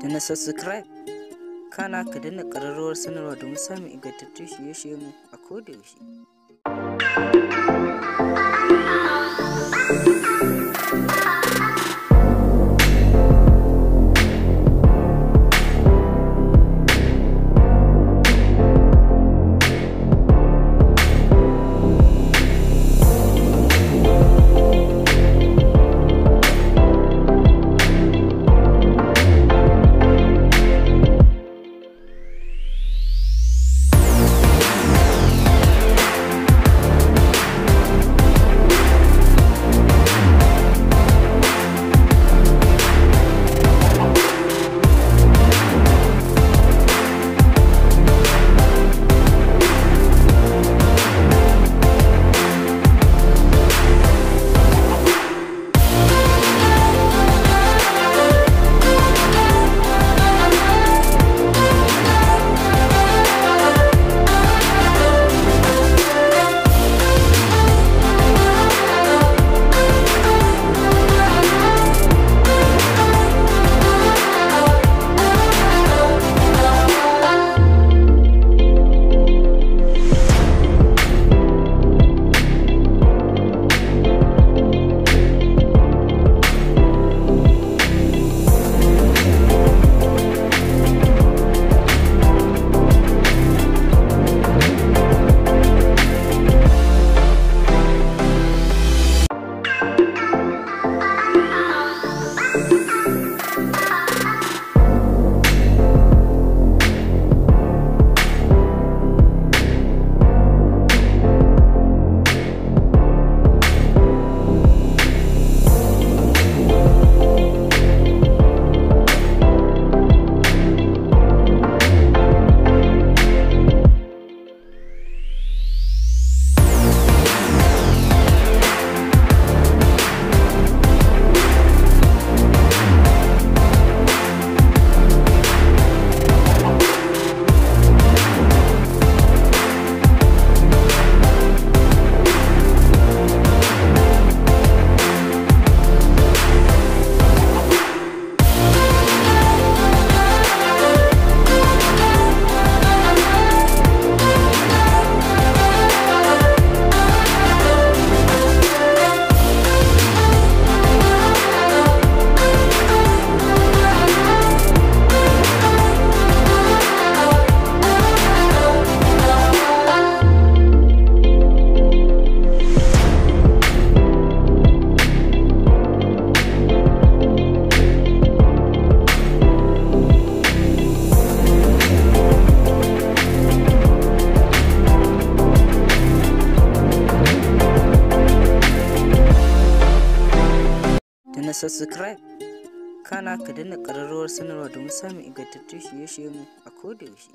da na subscribe kana ka dana kararrawar sanarwa domin samun ingantattun shirye-shiryenmu a kodayaushe. na subscribe kana ka dana kararrawar sanarwa domin samun ingantattun shirye-shirye mu a kodayaushe